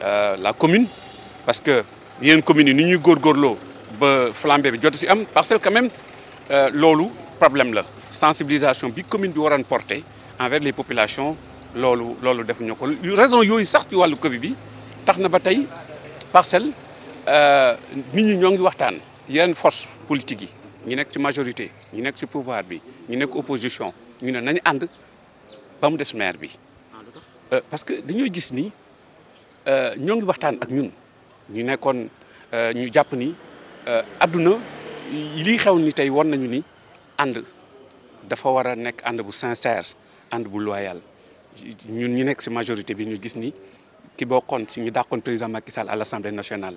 Euh, la commune parce que yeneen communes yi ni ñuy góorgóorloo ba flambé bi jotu ci am parce que quand même euh, lolu problème la sensibilisation bi commune bi waran porter envers les populations lolu lolu def ñu ko raison yooyu sax ci walu Covid bi taxna na ba tey parcelle euh, nit ñi ñoo ngi waxtaan force politique yi ñu nek ci majorité ñu nek ci pouvoir bi ñu nek opposition ñu ne nañ and ba mu maire bi parce que dañu gis ni nous, euh, ngi waxtaan ak nous. ñu nekkoon euh, ñu jàpp ni bu sincère loyal majorité bi ñu gis ni président Macky Sall à l'Assemblée nationale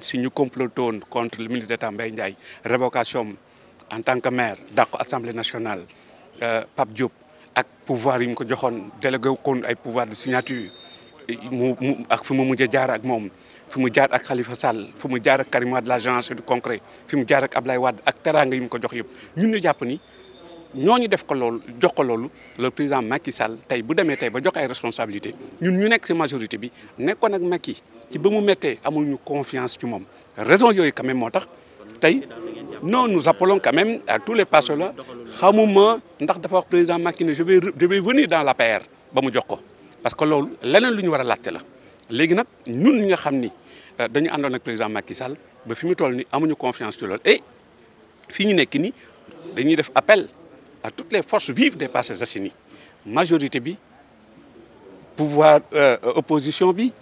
si ñu contre le ministre révocation en tant que maire dàq assemblée nationale euh, Pape Diop ak pouvoir yi ko pouvoir de signature mu mu ak fi ak fi mu jaar ak Khalifa Sall fi mu jaar ak Karim wad de l'agence du concret fi mu jaar ak Ablaye wad ak teranga yim ko jox yeb ñun ñu japp ni ñoñu def ko lool jox ko lool le président Macky Sall tay bu démé tay ba jox ay responsabilité ñun ñu nek ci majorité bi nekkoon ak Macky ci ba mu méttee amul ñu confiance ci mom raison yoy quand même motax tay non nous appelons quand même à tous les passeurs là xamuma ndax dafa wax président Macky ne je vais je vais venir dans l'APR ba mu jox ko parce que loolu leneen lu ñu war a laajte la léegi nag ñun ñi nga xam ni euh, dañu àndoon ak président Macky Sall ba fi mu toll ni amuñu confiance ci loolu et fi ñu nekk ni dañuy def appel à toutes les forces vives des Parcelles Assainies majorité bi pouvoir euh, opposition bi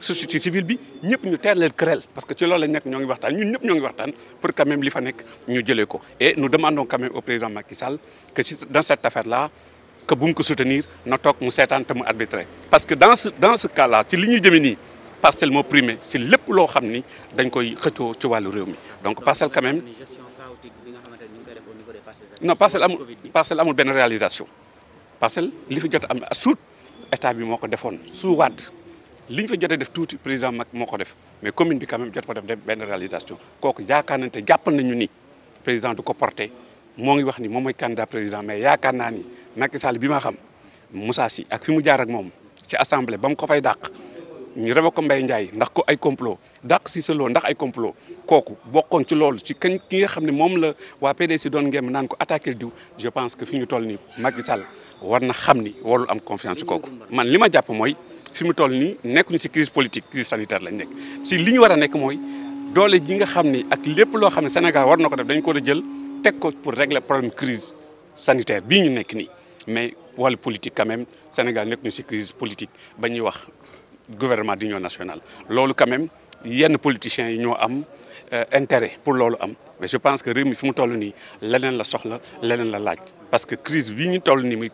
société civile bi ñëpp ñu teel leen parce que ci loolu la nekk ñoo ngi waxtaan ñun ñëpp ñoo ngi waxtaan pour quand même li fa nekk ñu jëlee ko et nous demandons quand même au président Macky Sall que si dans cette affaire là que bu mu ko soutenir na toog mu seetaan te mu parce que dans ce dans ce cas là ci li ñuy jëmee nii parcelle moo primé si lépp loo xam ni dañ koy xëccoo ci wàllu réew mi donc parcelle quand même non parcelle amul parcelle amul benn réalisation parcelle li fi jot am suut état bi moo ko defoon su wàdd li ñu fa def tuuti président mag moo ko def mais commune bi quand même jot ko def benn réalisation kooku yaakaar nañ te jàppal nañu ni président du ko porté moo ngi wax ni moom candidat président mais yaakaar naa ni Macky Sall bi ma xam Moussa Sy ak fi mu jaar ak moom ci assemblée ba mu ko fay dàq ñu reba ko mbay Ndiaye ndax ko ay complot dàq si seloo ndax ay complot kooku bokkoon ci loolu ci kañ ki nga xam ne moom la waa PDS doon ngem naan ko attaqué diw je pense que fi ñu toll nii Macky Sall war na xam ni warul am confiance ci man li ma jàpp mooy fi mu toll nii nekkuñu si crise politique crise sanitaire lañ nekk si li ñu war a nekk mooy doole ji nga xam ni ak lépp loo xam ne Sénégal war na ko def dañ ko war a jël teg ko pour régler problème cris sanitaire bii ñu nekk nii. mais la politique quand même Sénégal a une crise politique gouvernement d'union nationale quand même politiciens qui ont euh, intérêt pour cela, mais je pense que ce mi est. la la parce que crise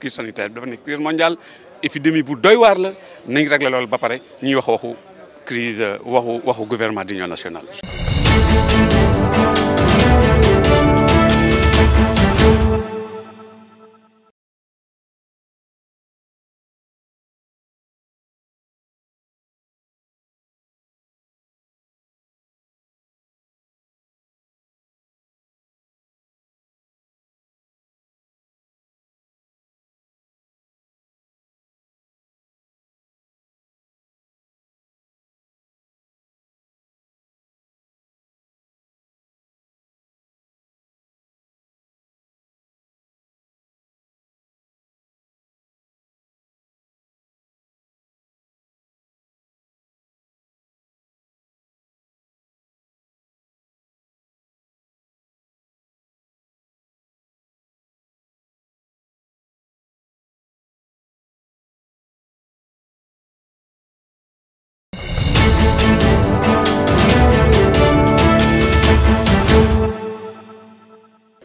crise sanitaire crise mondiale épidémie bu la crise euh, gouvernement d'union nationale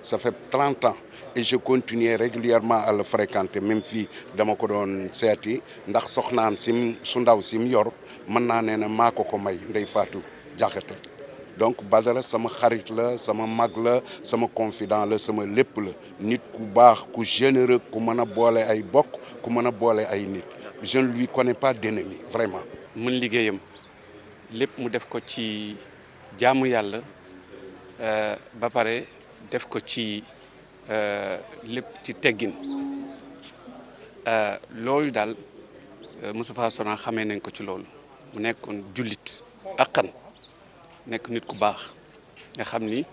ça fait 30 ans et je continuais régulièrement à le fréquenter même si dama ko doon seeti ndax soxnaan sim su ndaw sim yor man naa nee na maa ko ko may ndey Fatou jaxete donc Badara sama xarit la sama mag la sama confident la sama lepp la nit ku bax ku généreux ku meuna bolé ay bok ku meuna bolé ay nit je ne lui connais pas d'ennemi vraiment mën ligéyam lepp mu def ko ci jaamu euh ba paré def ko ci euh, lépp ci teggin euh, loolu daal euh, Moustapha Sonan xamee nañ ko ci loolu mu nekkoon jullit akkan nekk nit ku baax nga xam ni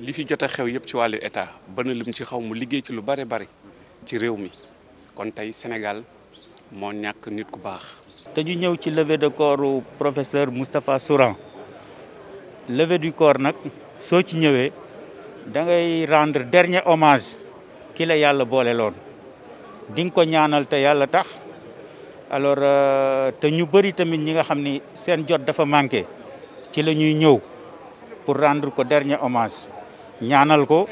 li fi jot a xew yëpp ci wàllu état bana lim ci xaw mu liggéey ci lu bare bari ci réew mi kon tey Sénégal moo ñàkk nit ku baax. dañu ñëw ci levée de corps professeur Moustapha Souran levée du corps nag. soo ci ñëwee da ngay rendre dernier hommage ki yàlla boole loon di nga ko ñaanal te yàlla tax alors euh, te ñu bëri tamit ñi nga xam ni seen jot dafa manqué ci la ñuy ñëw pour rendre ko dernier hommage ñaanal ko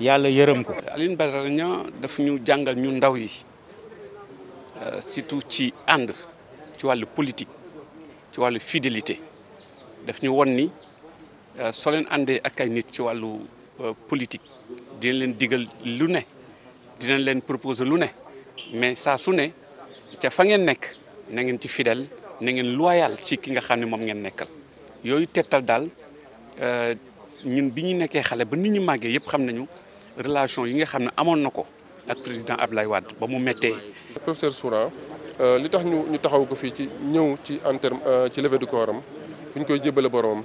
yàlla yërëm ko. Alioune Badara Niang daf ñu jàngal ñu ndaw yi euh, surtout ci ànd ci wàllu politique ci wàllu fidélité daf ñu won ni. Euh, soo leen àndee ak ay nit ci wàllu euh, politique dinañ leen digal lu ne dinañ leen proposer lu ne mais saa su ne ca fa ngeen nekk na ngeen ci fidèle na ngeen loyal ci ki nga xam ne moom ngeen nekkal yooyu tettal daal euh, ñun bi ñu nekkee xale ba nit ñu màggee yëpp xam nañu relation yi nga xam ne amoon na ko ak président Abdoulaye Wade ba mu méttee. professeur Soura li tax ñu ñu taxaw ko fii ci ñëw ci en terme ci levée du corps am fu ñu koy jébale boromam.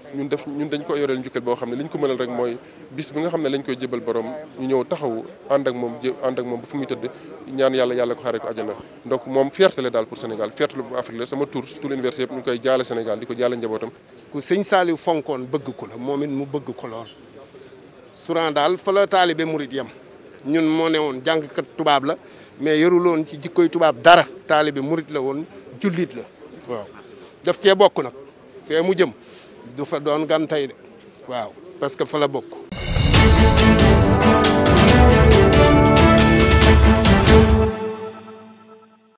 ñun def ñun dañ ko yoreel njukkal boo xam ne li ñu ko mënal rek mooy bis bi nga xam ne lañ koy jébal borom ñu ñëw taxaw ànd ak moom jé ak moom ba fu muy tëdd ñaan yàlla yàlla ko xaaree ko àjjana donc moom fierté la daal pour Sénégal fierté la bu Afrique la sama tour tout l'université yëpp koy jaale Sénégal di ko jaale njabootam ku sëñ Saliou fonkoon bëgg ko la moom it mu bëgg ko lool suran daal fa la taalibe murit yam ñun moo ne woon jàngkat tubaab la mais yoruloon ci jikkoy tubaab dara taalibe murit la woon jullit la waaw cee bokk nag mu jëm du fa doon gan de waaw parce que fa la bokk.